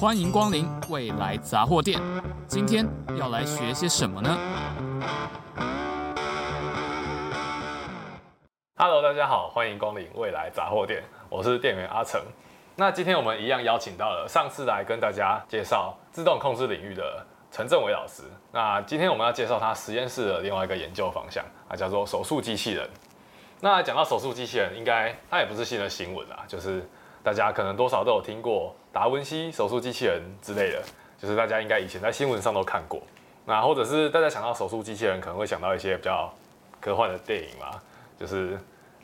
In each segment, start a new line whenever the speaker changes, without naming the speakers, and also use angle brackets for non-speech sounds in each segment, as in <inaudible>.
歡迎光臨未來雜貨店，今天要來學些什麼呢
？Hello，大家好，歡迎光臨未來雜貨店，我是店員阿成。那今天我們一樣邀請到了上次來跟大家介紹自動控制領域的陳政維老師。那今天我們要介紹他實驗室的另外一個研究方向啊，叫做手術機器人。那講到手術機器人，應該他也不是新的新聞啊，就是大家可能多少都有聽過。達、啊、文西手術機器人之類的，就是大家應該以前在新聞上都看過。那或者是大家想到手術機器人，可能會想到一些比較科幻的電影嘛，就是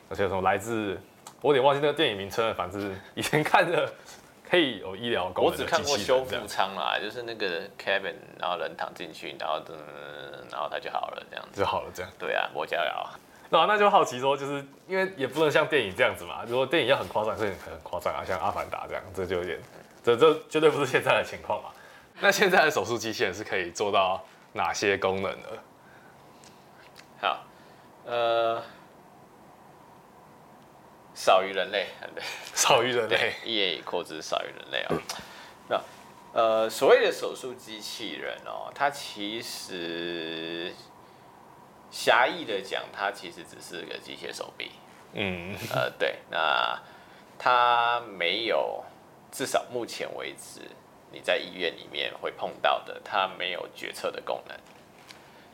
那些什麼來自……我有點忘記那個電影名稱，反正以前看的，可以有醫療功能的機器。我只看過修復艙啦，
就是那個 cabin，然後人躺進去，然後、嗯、然後他就好了這樣子。就好了這樣。對啊，我加了
啊。那那就好奇說，就是因為也不能像電影這樣子嘛。如果電影要很誇張，是很誇張啊，像《阿凡達》這樣，這就有點。這這絕對不是現在的情況嘛。那現在的手術機器人是可以做到哪些功能的？好，
呃，少於人類，對，
少於人類，
一言以蔽之，也也少於人類啊、哦。 <coughs> 那呃，所謂的手術機器人哦，它其實狹義的講，它其實只是個機械手臂。嗯，
呃，
對，那它沒有。至少目前為止，你在醫院裡面會碰到的，它沒有決策的功能，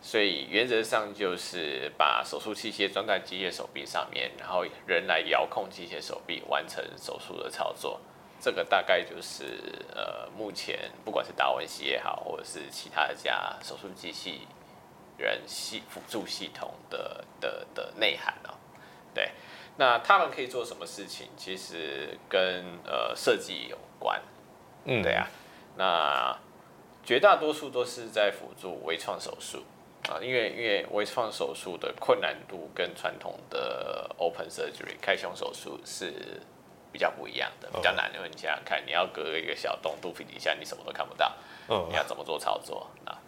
所以原則上就是把手術器械裝在機械手臂上面，然後人來遙控機械手臂完成手術的操作。這個大概就是呃，目前不管是達文西也好，或者是其他家手術機器人系輔助系統的的的的內涵，啊，哦，對。那他們可以做什麼事情？其實跟呃設計有關，嗯，對啊。那絕大多數都是在輔助微創手術啊，因為因為微創手術的困難度跟傳統的 open surgery 開胸手術是比較不一樣的，比較難。因為你想想看，你要隔一個小洞，肚皮底下你什麼都看不到，你要怎麼做操作啊？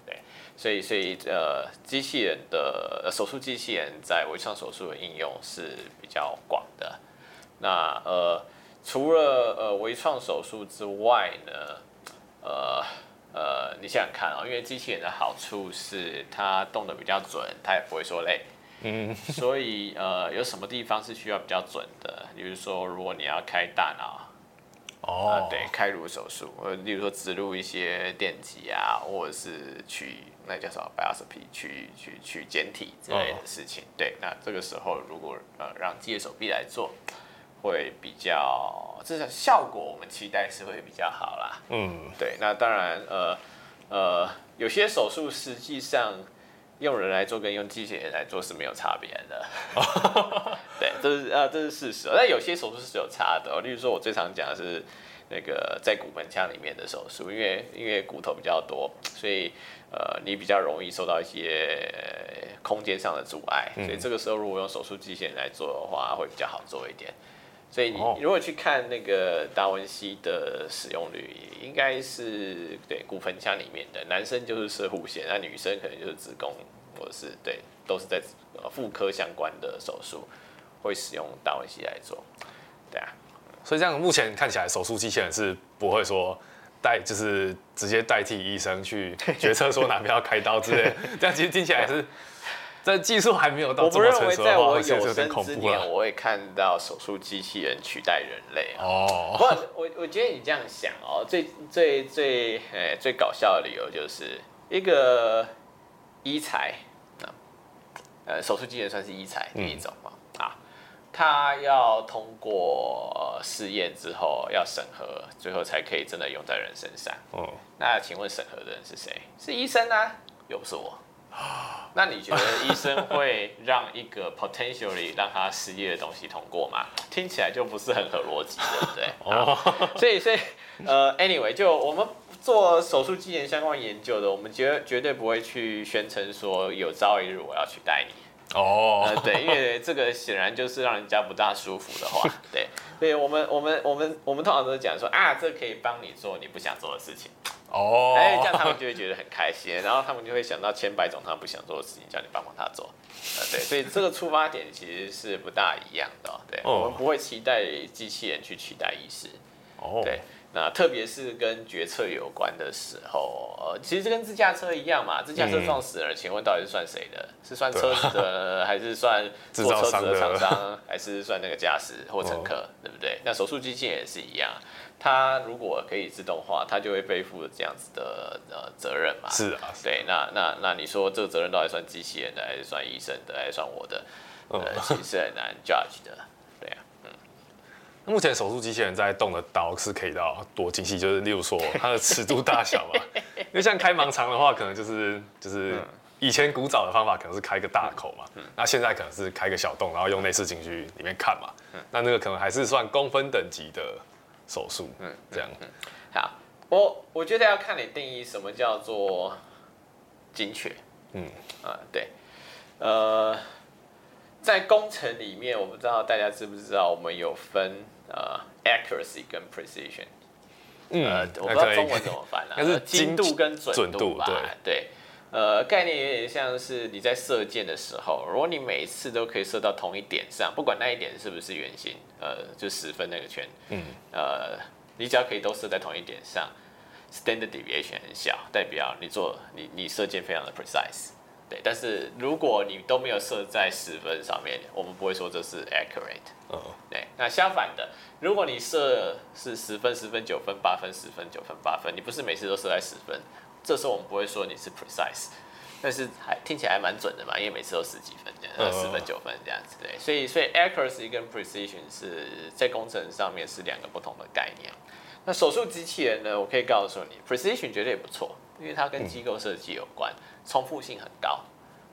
所以，所以呃，機器人的手術機器人在微創手術的應用是比較廣的那。那呃，除了呃微創手術之外呢，呃呃，你想想看啊，因為機器人的好處是它動得比較準，它也不會說累。嗯。所以呃，有什麼地方是需要比較準的？比如說，如果你要開大腦。哦、oh. 呃，對，開顱手術，例如說植入一些電極啊，或者是去那叫什麼 biopsy 去去去檢體之類的事情。Oh. 對，那這個時候如果、呃、讓機械手臂來做，會比較，至少效果我們期待是會比較好啦。嗯，mm. 對，那當然呃呃有些手術實際上，用人來做跟用機器人來做是沒有差別的， <laughs> <laughs> 對，這是啊、呃，這是事實。但有些手術是有差的哦，例如說，我最常講的是那個在骨盆腔裡面的手術，因為因為骨頭比較多，所以呃，你比較容易受到一些空間上的阻礙，所以這個時候如果用手術機器人來做的話，會比較好做一點。所以你如果去看那個達文西的使用率，應該，應該是對骨盆腔裡面的男生就是攝護腺。那女生可能就是子宮，或者是對，都是在呃婦科相關的手術會使用達文西來做。
對啊，所以這樣目前看起來手術機器人是不會說代，就是直接代替醫生去決策說哪邊要開刀之類的， <laughs> 這樣其實聽起來是。這技術還沒有到，我不認為，在我有生之年，我
會看到手術機器人取代人類，啊、哦。不我我我覺得你這樣想哦，最最最、欸、最搞笑的理由就是，一個醫材啊，呃，手術機器人算是醫材那一種嗎？啊，嗯、要通過、呃、試驗之後要審核，最後才可以真的用在人身上。哦、嗯。那請問審核的人是誰？是醫生啊，又不是我。 <laughs> 那你覺得醫生會讓一個 potentially 讓他失業的東西通過嗎？聽起來就不是很合邏輯，對不對？哦， <laughs> 所以所以呃，anyway，就我們做手術機器人相關研究的，我們絕絕對不會去宣稱說有朝一日我要取代你。
哦、 <laughs> 呃，對，因為
這個顯然就是讓人家不大舒服的話。對，所以我們我們我們我們通常都是講說啊，這可以幫你做你不想做的事情。哦，哎，oh. 這樣他們就會覺得很開心，然後他們就會想到千百種他不想做的事情，叫你幫幫他做，啊，對，所以這個出發點其實是不大一樣的，對，oh. 我們不會期待機器人去取代醫師。對，那特別是跟決策有關的時候，呃，其實這跟自駕車一樣嘛，自駕車撞死了，嗯、請問到底是算誰的？是算車主的，對還是算做車子的廠商，商還是算那個駕駛或乘客，哦、對不對？那手術機器也是一樣，它如果可以自動化，它就會背負這樣子的呃責任嘛。是啊，是啊對，那那那你說這個責任到底算機器人的，還是算醫生的，還是算我的？
呃、其實是很難 judge 的。哦目前手術機器人在動的刀是可以到多精細？就是例如說它的尺度大小嘛，因為像開盲腸的話，可能就是就是以前古早的方法可能是開個大口嘛，那現在可能是開個小洞，然後用內視鏡去裡面看嘛，那那個可能還是算公分等級的手術。嗯，嗯，這，嗯，樣。
好，我我覺得要看你定義什麼叫做精確，嗯，啊，對，呃，在工程裡面，我不知道大家知不知道，我們有分。呃，accuracy 跟 precision，
嗯、呃，我不知道中文怎麼翻啊，可是精，精度跟準度吧？度對，
對，呃，概念有點像是你在射箭的時候，如果你每次都可以射到同一點上，不管那一點是不是圓形，呃，就十分那個圈，嗯，呃，你只要可以都射在同一點上，standard deviation 很小，代表你做你你射箭非常的 precise。但是如果你都沒有射在十分上面，我們不會說這是 accurate、
uh。
哦、oh.。對，那相反的，如果你射是十分、十分、九分、八分、十分、九分、八分，你不是每次都射在十分，這時候我們不會說你是 precise。但是還聽起來還蠻準的嘛，因為每次都十幾分，uh oh. 十分、九分這樣子。對。所以，所以 accuracy 跟 precision 是在工程上面是兩個不同的概念。那手術機器人呢？我可以告訴你，precision 絕對也不錯。因為它跟機構設計有關，重複性很高，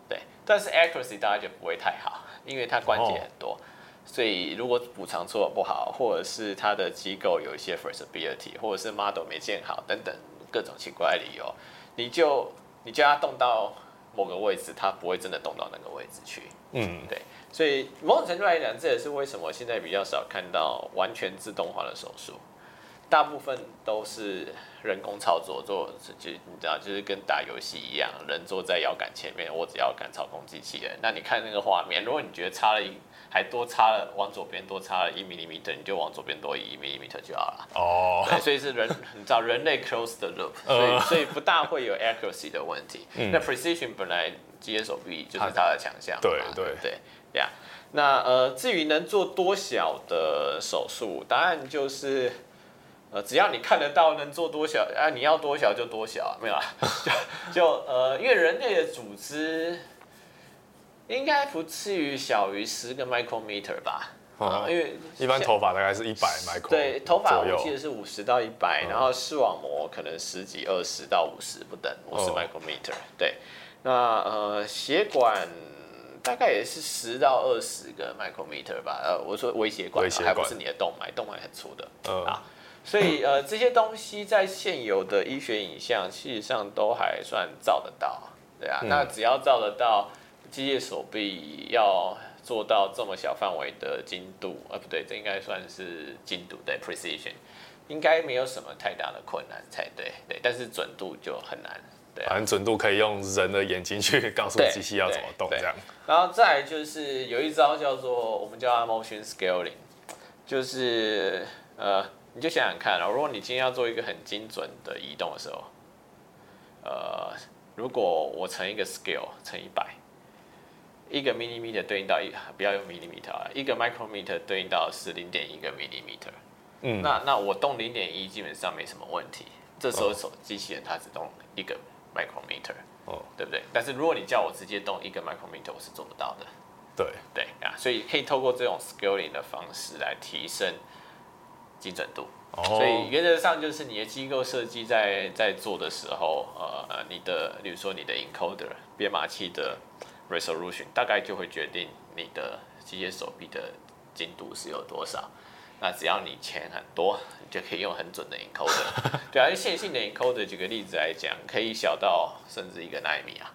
對。但是 accuracy 大家覺得不會太好，因為它關節很多，然後，所以如果補償做不好，或者是它的機構有一些 flexibility，或者是 model 沒建好等等各種奇怪理由，你就你叫它動到某個位置，它不會真的動到那個位置去。嗯，對。所以某種程度來講，這也是為什麼現在比較少看到完全自動化的手術。大部分都是人工操作做，就你知道，就是跟打遊戲一樣，人坐在搖桿前面，握搖桿操控機器人。那你看那個畫面，如果你覺得差了一，還多差了，往左邊多差了一厘米，你就往左邊多移一厘米就好了。哦，所以是人，你知道人類 close the loop，所以所以不大會有 accuracy 的問題。嗯、那 precision 本來機械手臂就是它的強項，對對對。Yeah 那呃，至於能做多小的手術，答案就是。呃，只要你看得到，能做多小啊？你要多小就多小，啊，沒有啊？就就呃，因為人類的組織應該不至於小於十個 micrometer 吧？
啊，因為、啊、一般頭髮大概是一百 micrometer，
對，頭髮我記得是五十到一百，嗯，然後視網膜可能十幾二十到五十不等，五十 micrometer。對，那呃，血管大概也是十到二十個 micrometer 吧？呃，我說微血管，管還不是你的動脈，動脈很粗的，啊、呃。所以呃，這些東西在現有的醫學影像，其實上都還算照得到，對啊。嗯、那只要照得到，機械手臂要做到這麼小範圍的精度，呃、啊，不對，這應該算是精度對 （precision），應該沒有什麼太大的困難才對。對，但
是準度就很難。對啊、反正準度可以用人的眼睛去告訴機器要怎麼動這樣。
然後再就是有一招叫做我們叫 motion
scaling，就是呃。你就想
想看啊、哦，如果你今天要做一個很精準的移動的時候，呃，如果我乘一個 scale 乘一百，一個 millimeter 對應到一，不要用 millimeter 啊，一個 micrometer 對應到是零點一個 millimeter，嗯，那那我動零點一基本上沒什麼問題，這時候手機器人它只動一個 micrometer，哦，對不對？但是如果你叫我直接動一個 micrometer，我是做不到的，對，對啊，所以可以透過這種 scaling 的方式來提升精準度，所以原則上就是你的機構設計在在做的時候，呃，你的，比如說你的 encoder 編碼器的 resolution 大概就會決定你的機械手臂的精度是有多少。那只要你錢很多，你就可以用很準的 encoder。 <laughs> 對而、啊、線性的 encoder，舉個例子來講，可以小到甚至一個納米啊。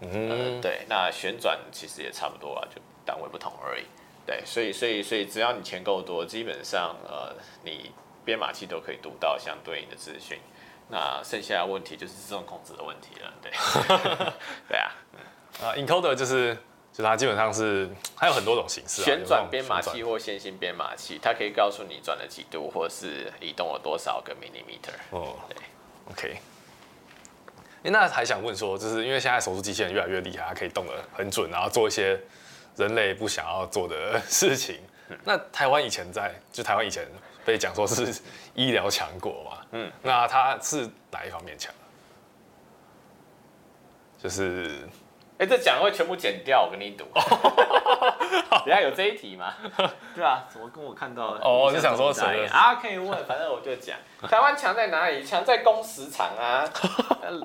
嗯，對，那旋轉其實也差不多啊，就單位不同而已。對，所以所以所以，只要你錢夠多，基本上呃，你編碼器都可以讀到相對應的資訊。那剩下的問題就是自動控制的問題了。對， <laughs> <laughs> 對啊。
啊、uh，encoder 就是，就它基本上是，還有很多種形式，啊。旋轉編碼器
或線性編碼器，它可以告訴你轉了幾度，或是
移動了多少個 millimeter 哦。Oh, 對。OK，欸。哎，那還想問說，就是因為現在手術機器人越來越厲害，它可以動的很準，然後做一些。人類不想要做的事情。嗯、那台灣以前在，就台灣以前被講說是醫療強國嘛。嗯，那他是哪一方面強？就是，
哎，這講會全部剪掉，我跟你賭。人家有這一題嘛？哦、 <laughs> 對啊，怎麼跟我看到了？哦，就想說誰啊、呃？可以問，反正我就講，台灣強在哪裡？強在工時長啊。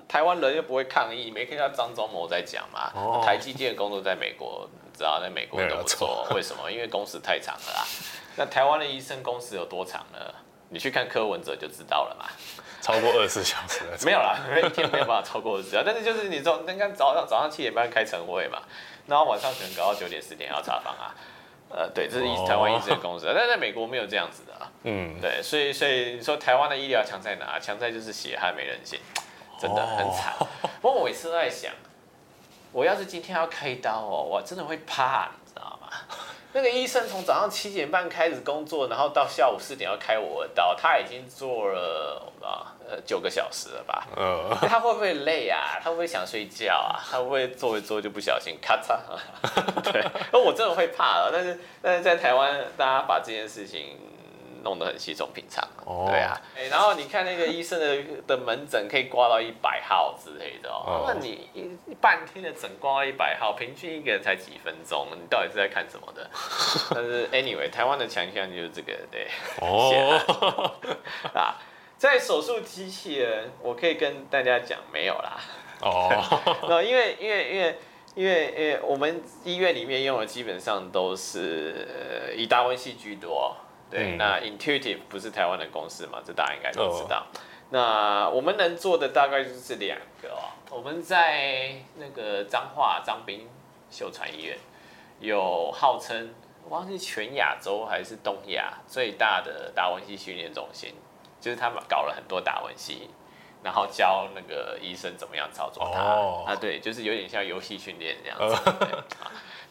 台灣人又不會抗議，沒看到張忠謀在講嘛？哦、台積電的工作在美國。知道在美國都不錯，為什麼？因為工時太長了啊。那台灣的醫生工時有多長呢？你去看柯文哲就知道了嘛，
超過二十小時。 <laughs> 沒有啦，一天沒有辦
法超過二十小時。但是就是你說人家早上早上七點半開晨會嘛，然後晚上可能搞到九點十點要查房啊。呃，對，這是醫台灣醫生的工時。但在美國沒有這樣子的。嗯，對，所以所以你說台灣的醫療強在哪？強在就是血汗沒人性，真的很慘。不過我每次都在想。我要是今天要開刀哦、喔，我真的會怕，你知道嗎？那個醫生從早上七點半開始工作，然後到下午四點要開我的刀，他已經做了啊呃九個小時了吧？他會不會累啊？他會不會想睡覺啊？他會不會坐一坐就不小心咔嚓？對，那我真的會怕了。但是但是在台灣，大家把這件事情弄得很稀鬆平常。對啊，哎、oh. 欸，然後你看那個醫生的的門診可以掛到一百號之類的，喔，oh. 那你一半天的診掛到一百號，平均一個人才幾分鐘，你到底是在看什麼的？ <laughs> 但是 anyway，台灣的強項就是這個，對哦，啊，在手術機器人，我可以跟大家講沒有啦，哦，oh.，因為因為因為因為因為我們醫院裡面用的基本上都是以達文西居多。對，那 Intuitive 不是台灣的公司嘛？這大家應該都知道。哦、那我們能做的大概就是兩個哦，我們在那個彰化彰濱秀傳醫院，有號稱我忘記全亞洲還是東亞最大的達文西訓練中心，就是他們搞了很多達文西。然後教那個醫生怎麼樣操作它、oh. 啊，對，就是有點像遊戲訓練這樣子、oh. 對，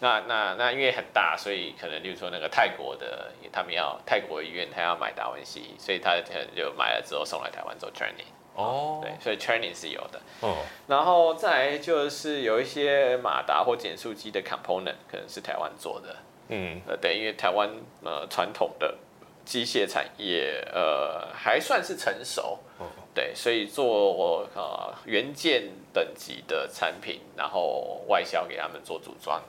那那那因為很大，所以可能就是說那個泰國的，他們要泰國醫院，他要買達文西，所以他可能就買了之後送來台灣做 training 哦。Oh. 對，所以 training 是有的哦。Oh. 然後再來就是有一些馬達或減速機的 component 可能是台灣做的，嗯、oh. 呃，對，因為台灣呃傳統的機械產業呃還算是成熟。Oh. 對，所以做我、呃、元件等級的產品，然後外銷給他們做組裝，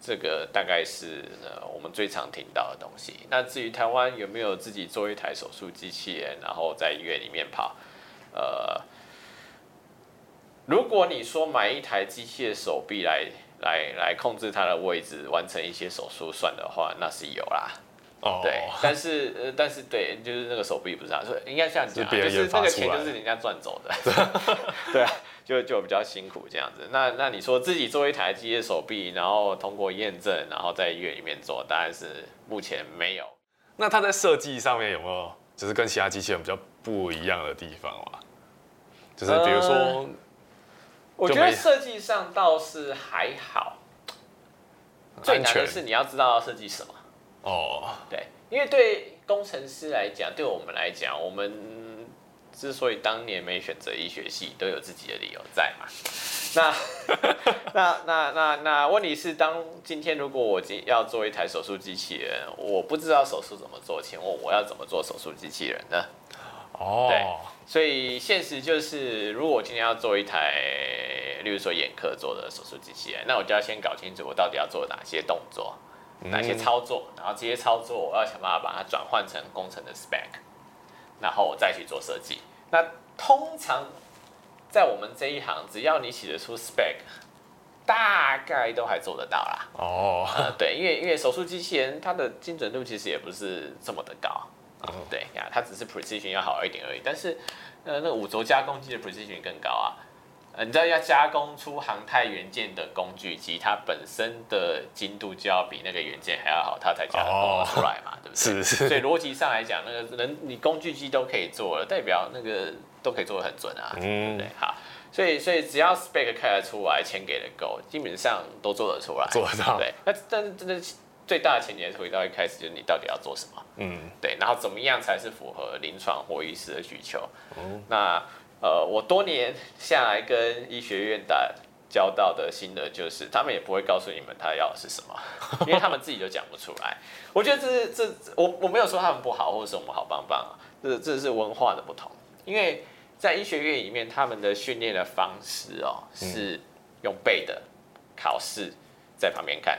這個大概是、呃、我們最常聽到的東西。那至於台灣有沒有自己做一台手術機器人，然後在醫院裡面跑？呃，如果你說買一台機械手臂來來來控制它的位置，完成一些手術算的話，那是有啦。哦，對，但是呃，但是對，就是那個手臂不是，所以應該像這樣講，是別就是這個錢就是人家賺走的，對，呵呵對啊，就就比較辛苦這樣子。那那你說自己做一台機械手臂，然後通過驗證，然後在醫院裡面
做，大概是目前沒有。那它在設計上面有沒有，就是跟其他機器人比較不一樣的地方啊？就是比如說，呃、沒我覺得設
計上倒是還好，最難的是你要知道要設計什麼。哦，對，因為對工程師來講，對我們來講，我們之所以當年沒選擇醫學系，都有自己的理由在嘛。 <laughs> 那那那那那，問題是，當今天如果我今要做一台手術機器人，我不知道手術怎麼做，請問我要怎麼做手術機器人呢？哦，
對，
所以現實就是，如果我今天要做一台，例如說眼科做的手術機器人，那我就要先搞清楚我到底要做哪些動作，哪些操作，然後這些操作我要想辦法把它轉換成工程的 spec，然後我再去做設計。那通常在我們這一行，只要你寫得出 spec，大概都還做得到啦。
哦、oh. 呃，
對，因為因為手術機器人它的精準度其實也不是這麼的高。哦、啊，對，它只是 precision 要好一點而已。但是，那、呃、那五軸加工機的 precision 更高啊。你知道要加工出航太元件的工具機，它本身的精度就要比那個元件還要好，它才加工出來嘛，oh, 對不對？是是。所以邏輯上來講，那個人你工具機都可以做了，代表那個都可以做得很準啊，嗯、對不對？好，所以所以只要 spec 開得出來，錢給得夠，基本上都做得出來，做得到。對，那但是真的最大的前提，回到一開始，就是你到底要做什麼？嗯，對。然後怎麼樣才是符合臨床或醫師的需求？嗯，那。呃，我多年下來跟醫學院打交道的心得就是，他們也不會告訴你們他要是什麼，因為他們自己都講不出來。我覺得這是這，是這是我我沒有說他們不好或者是我們好棒棒啊，這是這是文化的不同。因為在醫學院裡面，他們的訓練的方式哦是用背的，考試在旁邊看。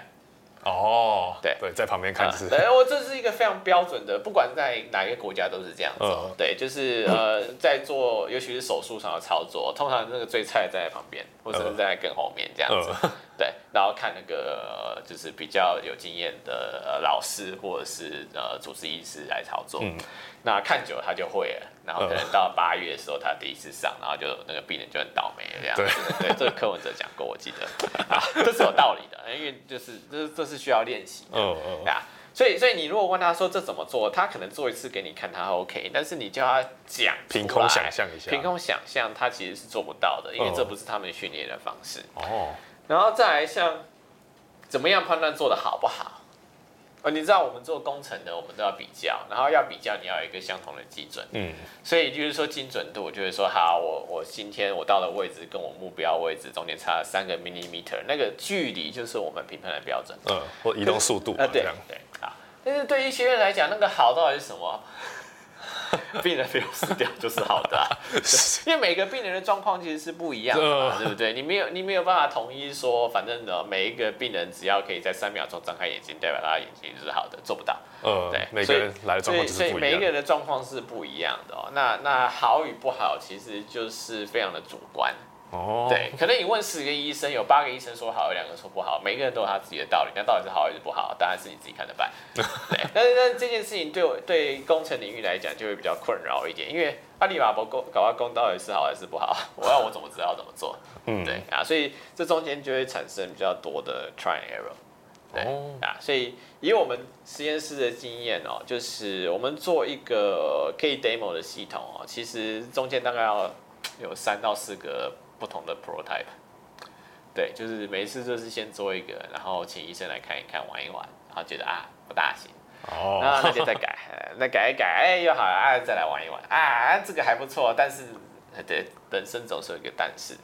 哦，對、oh, 對，
對，在旁邊看是、嗯。哎是，我
這是一個非常標準的，不管在哪一個國家都是這樣子。呃、對，就是呃， <laughs> 在做，尤其是手術上的操作，通常那個最菜在旁邊，或者是在更後面、呃、這樣子。呃對，然後看那個、呃、就是比較有經驗的、呃、老師或者是呃主治醫師來操作。嗯、那看久他就會了，然後可能到八月的時候他第一次上，呃、然後就那個病人就很倒霉這樣子。對對，這個柯文哲講過，我記得， <laughs> 這是有道理的，因為就是這這是需要練習的。呃呃、對啊，所以所以你如果問他說這怎麼做，他可能做一次給你看他 OK，但是你叫他講，憑空想象一下，憑空想象他其實是做不到的，呃、因為這不是他們訓練的方式。哦。然後再來像怎麼樣判斷做的好不好？啊，你知道我們做工程的，我們都要比較，然後要比較你要有一個相同的基準，嗯，所以就是說精準度，就是說好，我我今天我到的位置跟我目標位置中間差了三個 millimeter 那個距離就是我們評判的標準，
嗯，或移動速度可啊，
對對啊，但是對於學院來講，那個好到底是什麼？ <laughs> 病人沒有死掉就是好的啊，因為每個病人的狀況其實是不一樣的，對不對？你沒有你沒有辦法統一說，反正呢，每一個病人只要可以在三秒鐘張開眼睛，代表他的眼睛就是好的，做不到。嗯，
對，所以所以所以每一
個人的狀況是不一樣的哦。那那好與不好，其實就是非常的主觀。哦，對，可能你問十個醫生，有八個醫生說好，有兩個說不好，每個人都有他自己的道理，那到底是好還是不好，當然是你自己看著辦。對， <laughs> 但是但這件事情對我對工程領域來講就會比較困擾一點，因為阿里馬博工搞阿公到底是好還是不好，我要我怎麼知道怎麼做？嗯，對啊，所以這中間就會產生比較多的 try and error 對。對、哦、啊，所以以我們實驗室的經驗哦，就是我們做一個可以 demo 的系統哦，其實中間大概要有三到四個。不同的 prototype，對，就是每次就是先做一個，然後請醫生來看一看，玩一玩，然後覺得啊不大行，哦，
那那就
再改，那改一改，欸，哎又好了啊，再來玩一玩啊，這個還不錯，但是，對，人生總是有一個但是，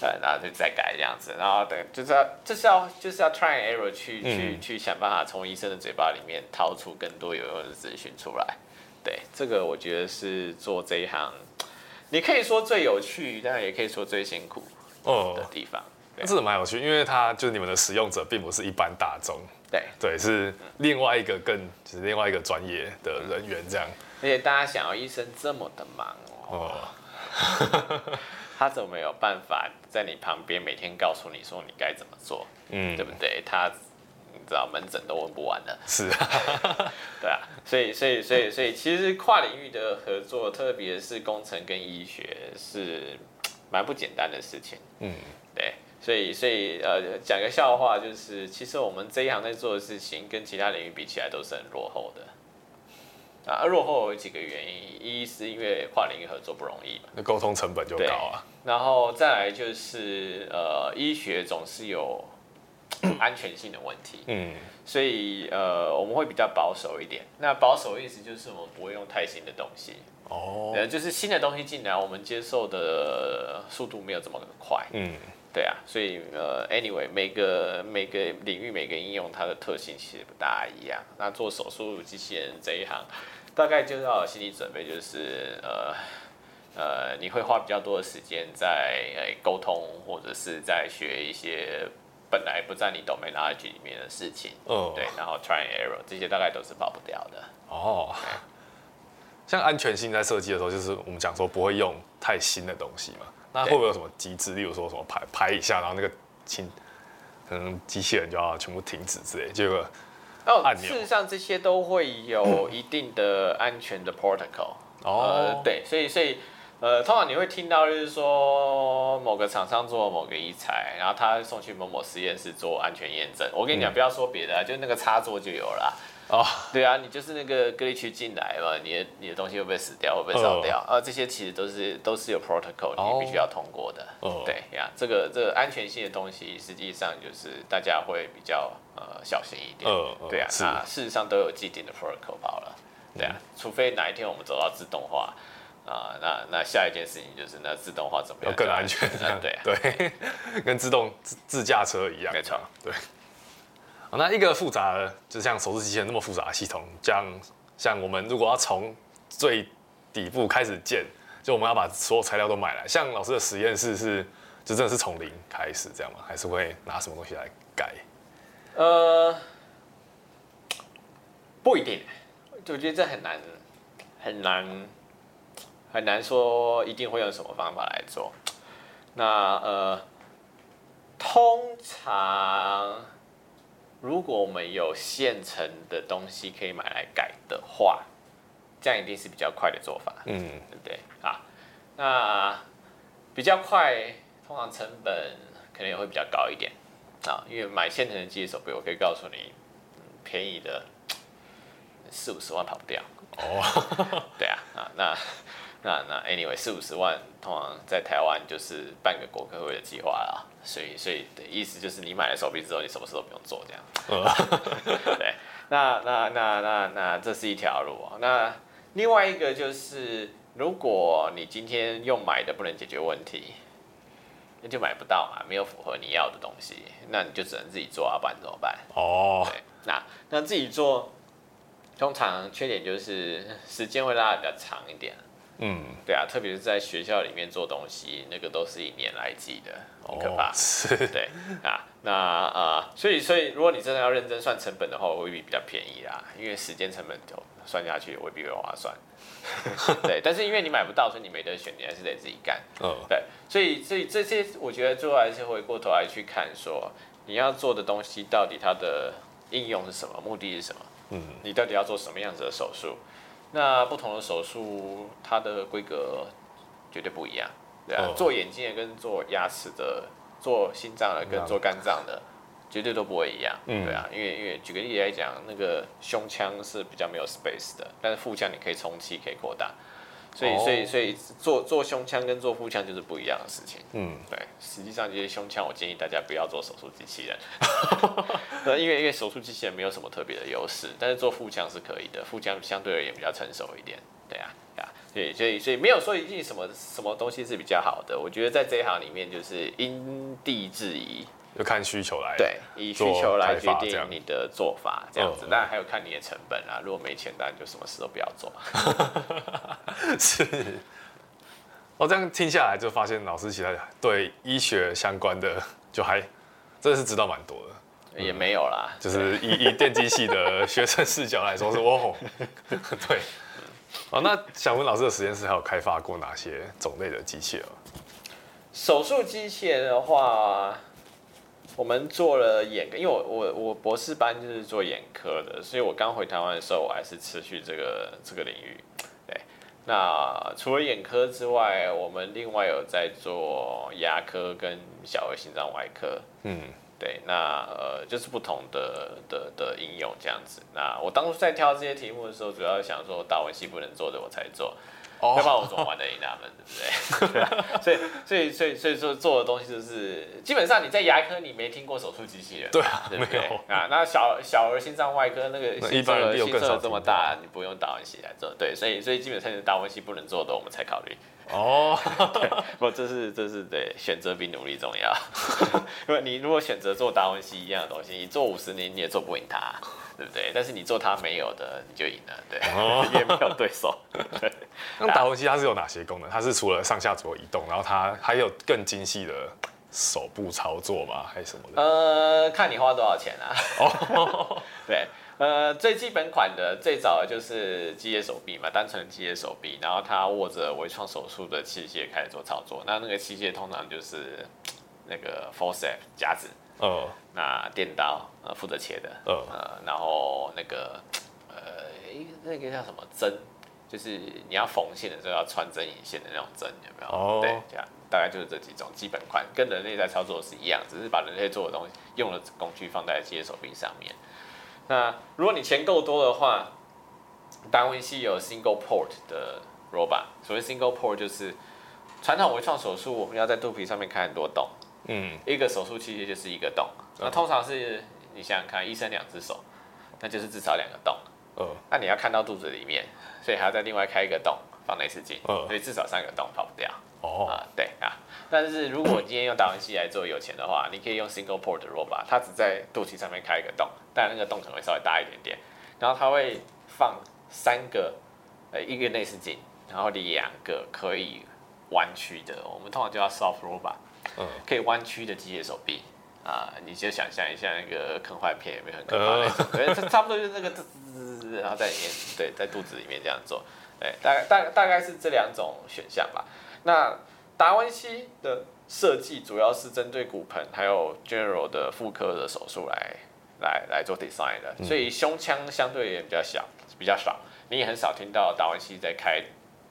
呃，然後就再改這樣子，然後等就是要就是要就是要 try and error 去去，嗯，去想辦法從醫生的嘴巴裡面掏出更多有用的資訊出來，對，這個我覺得是
做這一行，你可以說最有趣，但也可以說最辛苦哦的地方。Oh, 對這蠻有趣，因為他就是你們的使用者，並不是一般大眾，對對，是另外一個更就是、嗯、另外一個專業的人員這樣。嗯、而且大家想要、哦、醫生這
麼的忙
哦，oh. <laughs> 他怎麼沒有辦法在你旁邊
每天告訴你說你該怎麼做？嗯，對不對？他。知道門診都問不完了，是啊， <laughs> 對啊，所以所以所以所以，其實跨領域的合作，特別是工程跟醫學，是蠻不簡單的事情。嗯，對，所以所以呃，講個笑話，就是其實我們這一行在做的事情，跟其他
領域比起來都是很落
後的。啊，落後有幾個原因，一是因為跨領域合作不容易
嘛，那溝通成本就高
啊。然後再來就是呃，醫學總是有。 <coughs> 安全性的問題，嗯，所以呃，我們會比較保守一點。那保守意思就是我們不會用太新的東西，哦，就是新的東西進來，我們接受的速度沒有這麼快，嗯，對啊，所以呃，anyway，每個每個領域每個應用它的特性其實不大一樣。那做手術機器人這一行，大概就要有心理準備就是，呃，呃，你會花比較多的時間在溝通，或者是在學一些。本來不在你 domain logic 裡面的事情，呃、對，然後 try and
error 這些大概都是跑不掉的。哦，對像安全性在設計的時候，就是我們講說不會用太新的東西嘛，對那會不會有什麼機制，例如說什麼拍拍一下，然後那個親，可能機器人就要全部停止之類？結果、
哦、按鈕、事實上這些都會有一定的安全的 protocol、嗯。
呃、哦，
對，所以所以。呃，通常你會聽到就是說某個廠商做某個醫材，然後他送去某某實驗室做安全驗證。我跟你講，嗯、不要說別的，就那個插座就有了。哦、對啊，你就是那個隔離區進來嘛，你的你的東西會被死掉，會被燒掉。啊、哦呃，這些其實都是都是有 protocol，你必須要通過的。哦。對呀，這個這個安全性的東西，實際上就是大家會比較、呃、小心一點。哦哦、對啊，是事實上都有既定的 protocol 了。對啊，嗯、除非哪一天我們走到自動化。
啊，那那下一件事情就是那自動化怎麼樣要更安全、啊？對、啊、對，跟自動自駕車一樣。沒錯，對、啊。那一個複雜的，就像手術機器人那麼複雜的系統，像像我們如果要從最底部開始建，就我們要把所有材料都買來。像老師的實驗室是，就真的是從零開始這樣嗎？還是會拿什麼東西來改？
呃，不一定。就我覺得這很難，很難。很難說一定會用什麼方法來做那。那呃，通常如果我們有現成的東西可以買來改的話，這樣一定是比較快的做法，嗯，嗯，對不對啊？那比較快，通常成本可能也會比較高一點啊，因為買現成的機械手臂，我可以告訴你、嗯，便宜的四五十萬跑不掉。
哦， <laughs>
對啊，啊那。那那 anyway 四五十萬通常在台灣就是辦個國科會的計劃啦，所以所以的意思就是你買了手臂之後，你什麼事都不用做這樣。 <laughs> <laughs> 對，那那那那那這是一條路喔。那另外一個就是，如果你今天用買的不能解決問題，那就買不到嘛，沒有符合你要的東西，那你就只能自己做啊，不然怎麼辦？哦、oh.，對，那那自己做，通常缺點就是時間會拉得比較長一點。嗯，對啊，特別是在學校裡面做東西，那個都是以年來計的，好可怕。哦、
是，對啊，
那啊、呃，所以所以，如果你真的要認真算成本的話，未必比，比較便宜啦，因為時間成本算下去，未必會比較划算。 <laughs> 對，但是因為你買不到，所以你沒得選，你還是得自己幹。嗯，哦、對，所以所以這些，我覺得最後還是回過頭來去看說，說你要做的東西到底它的應用是什麼，目的是什麼？
嗯，
你到底要做什麼樣子的手術？那不同的手術，它的規格絕對不一樣。對啊，做眼睛的跟做牙齒的，做心臟的跟做肝臟的，絕對都不會一樣。對啊，因為因為舉個例子來講，那個胸腔是比較沒有 space 的，但是腹腔你可以充氣可以擴大。
所以，所以，所以
做做胸腔跟做腹腔就是不一樣的事情。嗯，對，實際上就是胸腔，我建議大家不要做手術機器人， <laughs> <laughs> 因為因為手術機器人沒有什麼特別的優勢，但是做腹腔是可以的，腹腔相對而言比較成熟一點。對啊，對啊。對，所以所以沒有說一定什麼什麼東西是比較好的。我覺得在這一行裡面，就是
因地制宜，就看需求來做。對，以需求來決定你
的做法，這樣子。當然、呃、還有看你的
成本啦、啊。如果沒錢，當然就什麼事都不要做。 <laughs> 是。我、哦、這樣聽下來，就發現老師其實對醫學相關的，就還真的是知道蠻多的。也沒有啦，嗯、對就是以以電機系的學生視角來說是，是 <laughs> 哦，對。哦，那想問老師的實驗室還有開發過哪些種類的機器人哦？
手術機器人的話，我們做了眼科，因為我我我博士班就是做眼科的，所以我剛回台灣的時候，我還是持續這個這個領域。對，那除了眼科之外，我們另外有在做牙科跟小兒心臟外科。嗯。對，那呃，就是不同的的的應用這樣子。那我當初在挑這些題目的時候，主要想說，達文西不能做的我才做。要不然我怎麼玩得贏他們，對不對？ <laughs> <laughs> 所以所以所以所以說做的東西就是，基本上你在牙科你沒聽過手術機器人，對啊，對不對，沒有啊。那小小兒心臟外科那個，一般人有這麼大你不用達文西來做，對，所以所以基本上就是達文西不能做的我們才考慮。哦、oh. <laughs> 不，這是這是得選擇比努力重要，因 <laughs> 為你如果選擇做達文西一樣的東西，你做五十年你也做不贏他。對不對？但是你做他沒有的，你就贏了，對，也、哦、 <laughs> 沒有對手。
對嗯、 <laughs> 那達文西它是有哪些功能？它是除了上下左右移動，然後它還有更精細的手部操作嗎？還是什麼的？
呃，看你花多少錢啊。
哦， <laughs> 對，呃，
最基本款的最早的就是機械手臂嘛，單純的機械手臂，然後它握着微創手術的器械開始做操作。那那個器械通常就是那個 forceps 夾子。呃，哦、那電刀負責切的。哦、呃，然後那個呃，那個叫什麼針，就是你要縫線的時候要穿針引線的那種針，有沒有？哦，對，這樣大概就是這幾種基本款，跟人類在操作是一樣，只是把人類做的東西用的工具放在機械手臂上面。那如果你錢夠多的話，達文西是有 single port 的 robot，所謂 single port 就是傳統微創手術我們要在肚皮上面開很多洞。嗯，一個手術器械就是一個洞，嗯，那通常是你想想看，醫生兩隻手，那就是至少兩個洞。嗯，那你要看到肚子裡面，所以還要再另外開一個洞放內視鏡。嗯，所以至少三個洞跑不掉。哦，啊，對啊。但是如果你今天用達文西來做有錢的話，你可以用 single port 的 robot，它只在肚臍上面開一個洞，但那個洞可能會稍微大一點點，然後它會放三個，呃，一個內視鏡，然後兩個可以彎曲的，我們通常叫它 soft robot。Uh huh. 可以彎曲的機械手臂啊，你就想象一下那個科幻片有沒有很可怕、uh？的、huh. 差不多就是那個，然後在裡面，對在肚子裡面這樣做，大大大概是這兩種選項吧。那達文西的設計主要是針對骨盆還有 general 的婦科的手術來來來做 design 的，所以胸腔相對也比較小，比較少，你也很少聽到達文西在開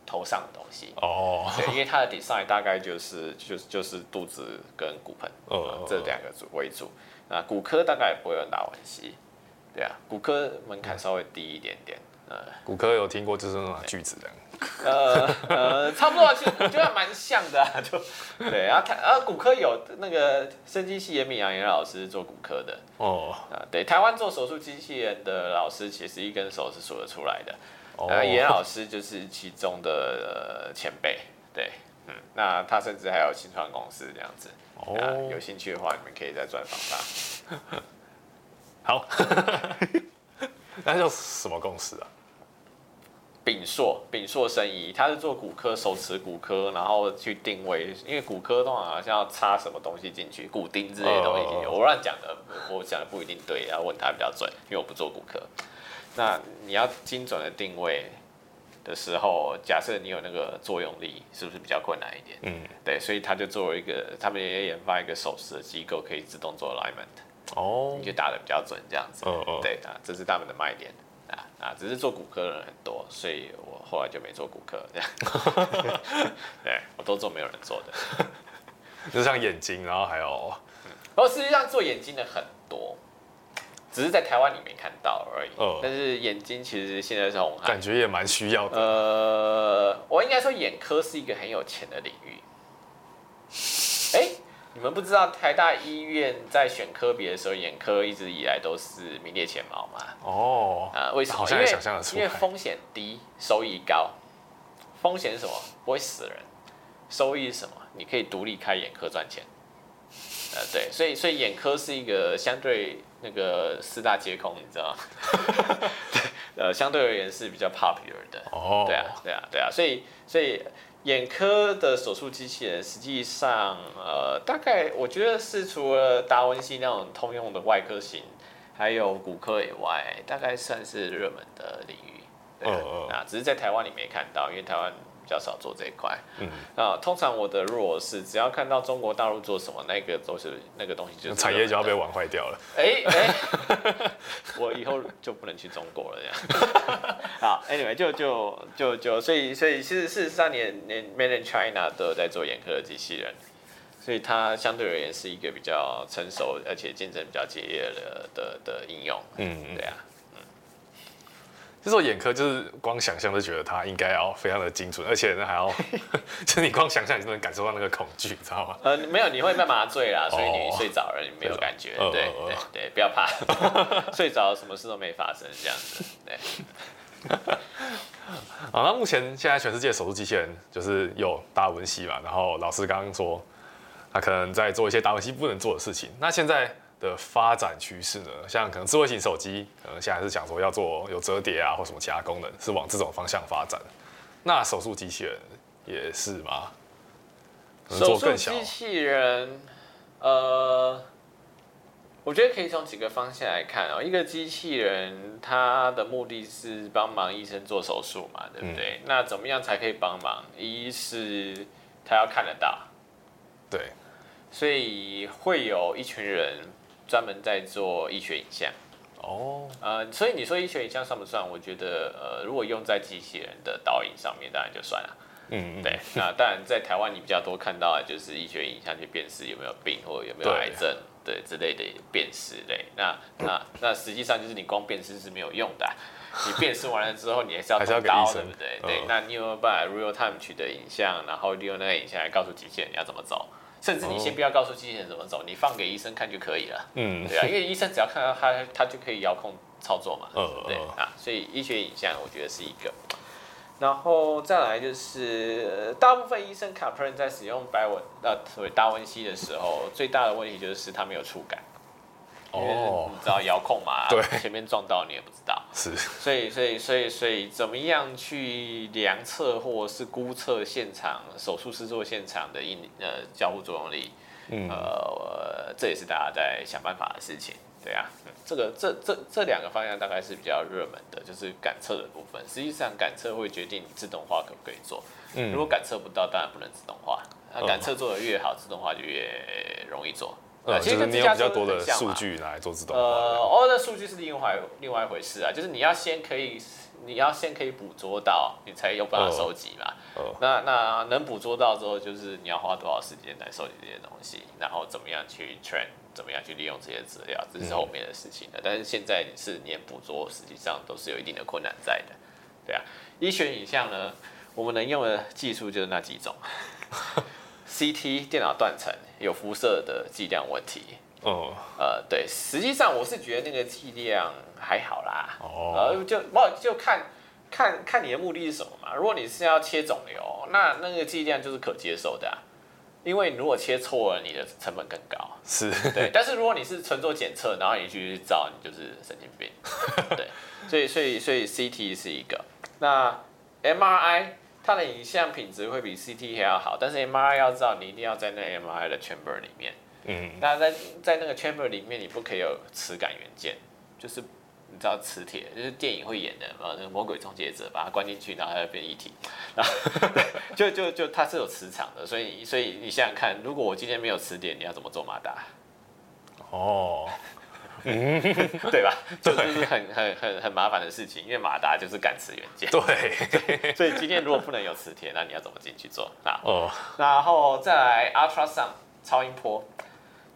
頭上的東西哦，oh. 對，因為它的 design 大概就是就是就是肚子跟骨盆哦、oh. 嗯，這兩個組、oh. 為主，那骨科大概也不會有大問題，對啊，骨科門檻稍微低一點點，嗯，
骨科有聽過就是那種巨子的，
呃差不多 <laughs> 還啊，其就就蠻像的就，對，啊，台、啊、呃骨科有那個生機系嚴敏陽老師做骨科的哦，oh. 啊對，台灣做手術機器人的老師其實一根手是數得出來的。那、呃 oh. 嚴老師就是其中的前輩，對，嗯、那他甚至還有新創公司這樣子，oh. 呃、有興趣的話，你們可以再專訪他。 <laughs> 好， <laughs>
那叫什麼公司啊？
炳碩，炳碩生醫。他是做骨科，手持骨科，然後去定位，因為骨科通常好像要插什麼東西進去，骨釘之類的東西進去，呃、我不亂講的， <laughs> 我講的不一定對，要問他比較準，因為我不做骨科。那你要精準的定位的時候，假設你有那個作用力，是不是比較困難一點？嗯，對，所以他就做了一個，他們也研發一個手持的機構，可以自動做 alignment，哦，你就打得比較準，這樣子。呃呃對啊，這是他們的賣點啊啊！只是做骨科的人很多，所以我後來就沒做骨科，這樣。 <laughs> 對我都做沒有人做的， <laughs> 就像眼睛，然後還有，然後、嗯、實際上做眼睛的很多。只是在台灣裡面看到而已，呃、但是眼睛其實現在這種
感覺也蠻需要的。
呃，我應該說眼科是一個很有錢的領域。欸、你們不知道台大醫院在選科別的時候，眼科一直以來都是名列前茅嗎？哦，啊，為什麼？因為因為風險低，收益高。風險是什麼？不會死人。收益是什麼？你可以獨立開眼科賺錢。呃，對，所以所以眼科是一個相對。那個四大皆空，你知道？ <laughs> <laughs> 呃，相對而言是比較 popular 的。哦，oh. 對啊，對啊，對啊，所以，所以眼科的手術機器人，實際上，呃，大概我覺得是除了達文西那種通用的外科型，還有骨科以外，大概算是熱門的領域。對啊，oh. 啊，只是在台灣你沒看到，因為台灣。比較少做這一塊，嗯，啊，通常我的弱勢，只要看到中國大陸做什麼，那個都是那個東西，那個、東西
就產業就要被玩壞掉了。
哎哎、欸，欸、 <laughs> 我以後就不能去中國了這樣，這 <laughs> 好，Anyway，就就就就，所以所以年，其實事實上，連連 mainland China 都有在做眼科的機器人，所以它相對而言是一個比較成熟，而且競爭比較激烈的的的，的應用。
嗯，對呀、啊。其實眼科就是光想象就覺得它應該要非常的精準，而且那還要， <laughs> <laughs> 就是你光想象你就能感受到那個恐懼，你知道嗎？呃，沒有，你會被麻醉啦，
所以你睡着了，哦、你沒有感覺。對呃呃呃對對,對，不要怕， <laughs> 睡着什麼事都沒發生， <laughs> 這樣子。對。
啊、 <laughs> <laughs> 哦，那目前現在全世界手術機器人就是有達文西嘛，然後老師剛剛說，他可能在做一些達文西不能做的事情。那現在。的發展趨勢呢？像可能智慧型手機，可能現在是想說要做有折疊啊，或什麼其他功能，是往這種方向發展。那手術機器人也是嗎？做更小？手術機
器人，呃，我覺得可以從幾個方向來看哦、喔。一個機器人，它的目的是幫忙醫生做手術嘛，嗯、對不對？那怎麼樣才可以幫忙？一是他要看得到，
對，
所以會有一群人，專門在做醫學影像，
哦，oh.
呃，所以你說醫學影像算不算？我覺得，呃，如果用在機器人的導引上面，當然就算了。嗯，嗯對，那當然在台灣你比較多看到的就是醫學影像去辨識有沒有病或有沒有癌症，對，對之類的辨識類。那那、嗯、那實際上就是你光辨識是沒有用的， <laughs> 你辨識完了之後你還是要還是要給醫生，對不對？嗯、對。那你有沒有辦法 real time 取得影像，然後利用那個影像來告訴機器人你要怎麼走？甚至你先不要告訴機器人怎麼走，你放給醫生看就可以了。嗯，對啊，因為醫生只要看到它，他就可以遙控操作嘛。嗯、對啊，所以醫學影像我覺得是一個。然後再來就是，大部分醫生、卡 a r 在使用達文呃，特別達文西的時候，最大的問題就是它沒有觸感。
哦，oh, 你知
道遙控嘛？對，前面撞到你也不知道，是。所以，所以，所以，所以，怎麼樣去量測或者是估測現場手術師做現場的應呃交互作用力？
嗯，呃，
這也是大家在想辦法的事情。對啊，嗯、這個這這這兩個方向大概是比較熱門的，就是感測的部分。實際上，感測會決定你自動化可不可以做。嗯，如果感測不到，當然不能自動化。那感測做得越好，嗯、自動化就越容易做。對、啊、其實你有比較多的數據
來做自動
化。呃 order 數據是另外另外一回事啊，就是你要先可以，你要先可以捕捉到，你才有辦法收集嘛。呃呃、那那能捕捉到之後，就是你要花多少時間來收集這些東西，然後怎麼樣去 train，怎麼樣去利用這些資料，這是後面的事情的、嗯、但是現在是，連捕捉實際上都是有一定的困難在的。對啊，醫學影像呢，我們能用的技術就是那幾種。 <laughs> C T 電腦斷層有輻射的劑量問題，
哦，oh.
呃，對，實際上我是覺得那個劑量還好啦，哦、oh. 呃，就不就看，看看你的目的是什麼嘛，如果你是要切腫瘤，那那個劑量就是可接受的啊，因為你如果切錯了，你的成本更高，
是對，但
是如果你是純做檢測，然後你去照，你就是神經病， <laughs> 對，所以所以所以 C T 是一個，那 M R I。它的影像品質會比 CT 還要好，但是 MRI 要知道你一定要在那 MRI 的 chamber 裡面。嗯，那在在那個 chamber 裡面，你不可以有磁感元件，就是你知道磁鐵，就是電影會演的，呃，那個魔鬼終結者把它關進去，然後它有變異體，然後 <laughs> 就就就它是有磁場的，所以所以你想想看，如果我今天沒有磁鐵，你要怎麼做馬達？
哦。嗯， <laughs> 對
吧？對就是很很很很麻煩的事情，因為馬達就是感磁元件。對， <laughs> 對，所以今天如果不能有磁鐵， <laughs> 那你要怎麼進去做啊？哦，然後再來 ultrasound 超音波。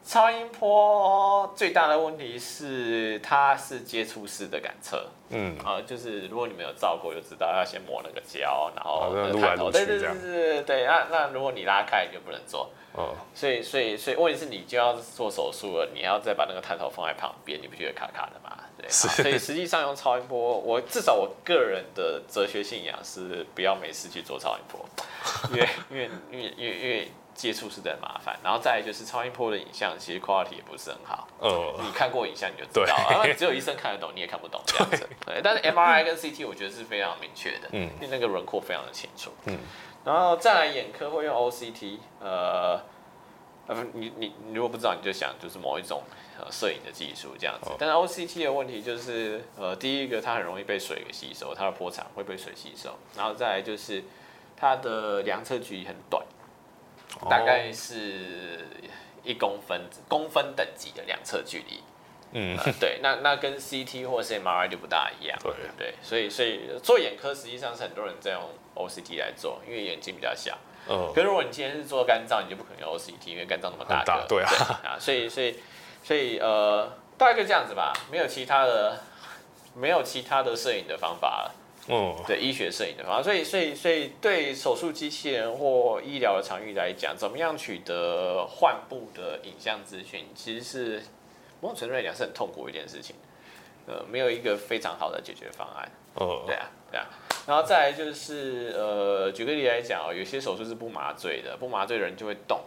超音波最大的問題是，它是接觸式的感測，嗯，啊，就是如果你沒有照過，就知道要先抹那個膠，然後探頭，啊、路來路去這樣，對對對對，那那如果你拉開，你就不能做，哦、所以所以所以問題是你就要做手術了，你要再把那個探頭放在旁邊，你不覺得卡卡的嗎？對是、啊，所以實際上用超音波，我至少我個人的哲學信仰是不要每次去做超音波，因為因為因為因為。因為因為因為接觸是很麻煩，然後再來就是超音波的影像，其實 quality 也不是很好。哦、你看過影像你就知道了，因為對、啊、只有醫生看得懂，你也看不懂對這樣子。對，但是 MRI 跟 CT 我覺得是非常明確的，嗯，因為那個輪廓非常的清楚。嗯，然後再來眼科會用 OCT、嗯、呃，你你，你，你如果不知道你就想就是某一種呃攝影的技術這樣子。哦、但是 OCT 的問題就是，呃，第一個它很容易被水給吸收，它的波長會被水吸收。然後再來就是它的量測距離很短。Oh, 大概是一公分公分等級的兩側距離，嗯、呃，對，那那跟 CT 或者 MRI 就不大一樣，對對，所以所以做眼科實際上是很多人在用 OCT 來做，因為眼睛比較小，嗯，可如果你今天是做肝臟，你就不可能用 OCT，因為肝臟那麼大，大，對啊，對啊，所以所以所以呃，大概就這樣子吧，沒有其他的，沒有其他的攝影的方法。嗯，哦、對醫學攝影的話，反正所以所以所以對手術機器人或醫療的場域來講，怎麼樣取得患部的影像資訊其實是某種程度來講是很痛苦的一件事情，呃，沒有一個非常好的解決方案。哦，對啊，對啊。然後再來就是呃，舉個例來講，有些手術是不麻醉的，不麻醉的人就會動。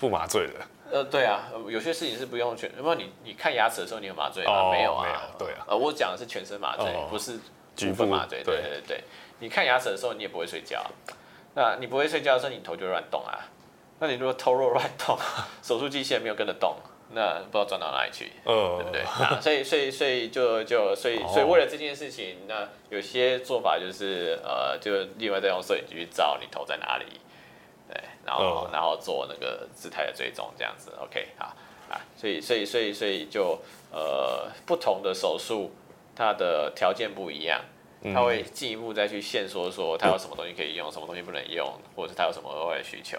不麻醉的？
呃，對啊，有些事情是不用全，因為你你看牙齒的時候，你有麻醉嗎？哦、沒有啊，沒有。對啊、呃。我講的是全身麻醉，哦、不是。局部嘛，對對對對，對，你看牙齒的時候你也不會睡覺，啊，那你不會睡覺的時候你頭就亂動啊，那你如果頭若亂動，啊，手術機械沒有跟着動，那不知道轉到哪裡去，對不對？啊，所以所以所以就就所以所以為了這件事情，那有些做法就是呃，就另外再用攝影機去照你頭在哪裡，對，然後然後做那個姿態的追蹤這樣子，OK，好啊啊，所以所以所以所以就呃不同的手術。它的條件不一樣，它會進一步再去限縮說它有什麼東西可以用，什麼東西不能用，或者是它有什麼額外的需求。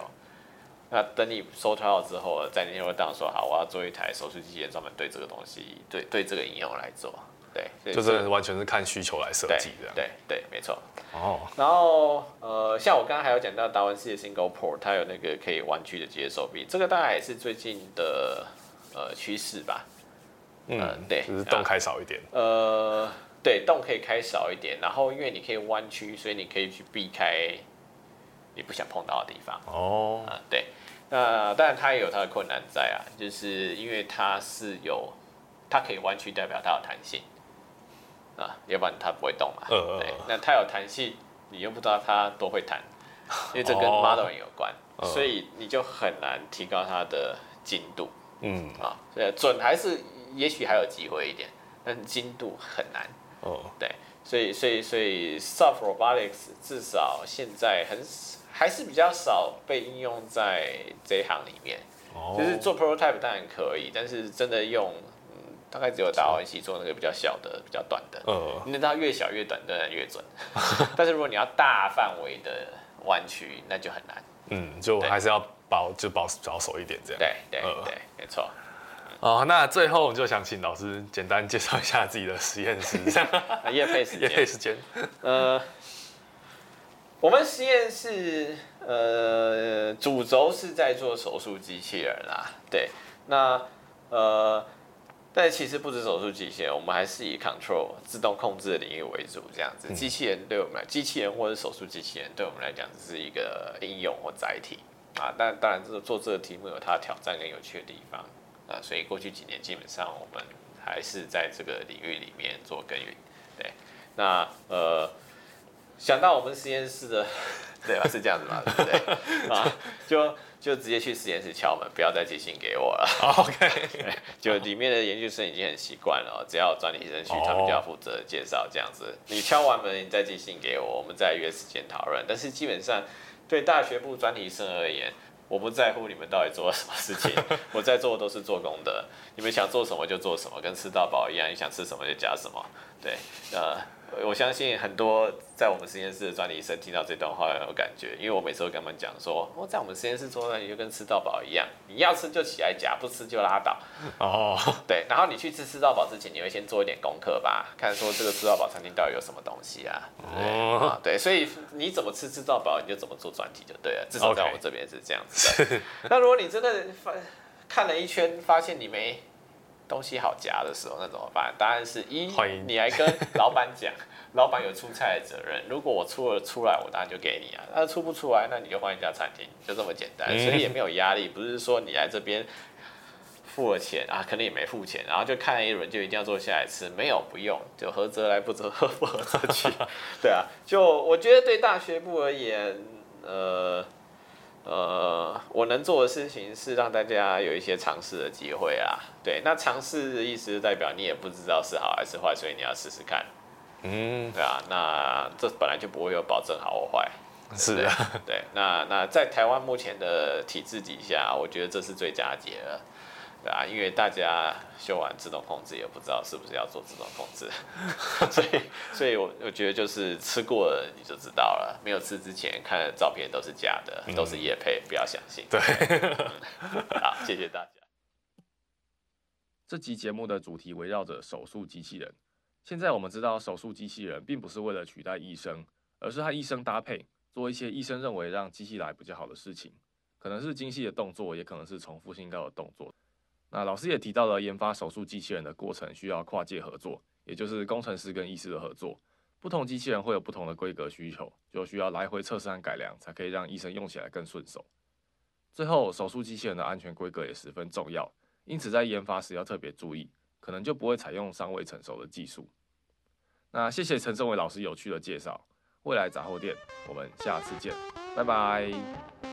那等你收到之後，在你那邊當說好，我要做一台手術機器人，專門對這個東西，對對這個應用來做，對。就是
完全是看需求來設計的。對對，沒錯。
哦。然後呃，像我剛剛還有講到達文西的 Single Port，它有那個可以彎曲的接收臂，這個大概也是最近的呃趨勢吧。
嗯、呃，對，就是洞開少一點。
啊、呃，對，洞可以開少一點，然後因為你可以彎曲，所以你可以去避開你不想碰到的地方。哦、啊，對。那當然它也有它的困難在啊，就是因為它是有，它可以彎曲，代表它有彈性。啊，要不然它不會動嘛。
呃對，
那它有彈性，你又不知道它多會彈，因為這跟 model 有關，哦、所以你就很難提高它的精度。嗯，啊，所以準還是。也許還有機會一點，但精度很難。哦，oh. 對，所以所以所以 soft robotics 至少現在很還是比較少被應用在這一行裡面。哦，oh. 就是做 prototype 當然可以，但是真的用，嗯，大概只有大奧一起做那個比較小的，是比較短的。嗯，你知道越小越短的越，越準， <laughs> 但是如果你要大範圍的彎曲，那
就很難。嗯，就還是要保對就保就保守一點這樣。對對、uh. 對，沒錯。哦，oh, 那最後我們就想請老師簡單介紹一下自己的實驗室。業 <laughs> 配時間，業配時間。 <laughs> 呃，
我們實驗室呃主軸是在做手術機器人啦、啊，對。那呃，但其實不止手術機器人，我們還是以 control 自動控制的領域為主。這樣子，機器人對我們來，機器人或者手術機器人對我們來講，只是一個應用或載體啊。但當然，這個做這個題目有它挑戰跟有趣的地方。啊，所以過去幾年基本上我們還是在這個領域裡面做耕耘。對，那呃，想到我們實驗室的，對吧？ <laughs> 是這樣子嗎？對不對？啊，就就直接去實驗室敲門，不要再寄信給我了。Oh, OK，對，就裡面的研究生已經很習慣了，只要專題生去，oh. 他們就要負責介紹這樣子。你敲完門，你再寄信給我，我們再約時間討論。但是基本上對大學部專題生而言，我不在乎你們到底做了什麼事情，我在做的都是做功德， <laughs> 你們想做什麼就做什麼，跟吃到飽一樣，你想吃什麼就夾什麼，對、呃，我相信很多在我們實驗室的專題生聽到這段話很有感覺，因為我每次都跟他們講說，我在我們實驗室做專題就跟吃到飽一樣，你要吃就起來夾，不吃就拉倒。哦，對，然後你去吃吃到飽之前，你會先做一點功課吧，看說這個吃到飽餐廳到底有什麼東西啊？哦，對，對，所以你怎麼吃吃到飽，你就怎麼做專題就對了，至少在我這邊是這樣子的。那如果你真的看了一圈，發現你沒東西好夾的時候，那怎麼辦？答案是一，你來跟老闆講，老闆有出菜的責任。如果我出了出來，我當然就給你啊。那出不出來，那你就換一家餐廳，就這麼簡單。所以也沒有壓力，不是說你來這邊付了錢啊，可能也沒付錢，然後就看了一輪就一定要坐下來吃，沒有，不用，就合則來，不合則去。對啊，就我覺得對大學部而言，呃呃，我能做的事情是讓大家有一些嘗試的機會啊。對，那嘗試的意思就代表你也不知道是好還是壞，所以你要試試看，嗯，對啊，那這本來就不會有保證好或壞，
是的、啊，
對。那那在台灣目前的體制底下，我覺得這是最佳解了，對啊，因為大家修完自動控制也不知道是不是要做自動控制，嗯、所以所以我我覺得就是吃過了你就知道了，沒有吃之前看的照片都是假的，嗯、都是業配，不要相信。對、嗯，好，謝謝大家。
這集節目的主題圍繞着手術機器人。現在我們知道，手術機器人並不是為了取代醫生，而是和醫生搭配，做一些醫生認為讓機器來比較好的事情，可能是精細的動作，也可能是重複性高的動作。那老師也提到了，研發手術機器人的過程需要跨界合作，也就是工程師跟醫師的合作。不同機器人會有不同的規格需求，就需要來回測試和改良，才可以讓醫生用起來更順手。最後，手術機器人的安全規格也十分重要。因此，在研發時要特別注意，可能就不會採用尚未成熟的技術。那謝謝陳政維老師有趣的介紹，未來雜貨店，我們下次見，拜拜。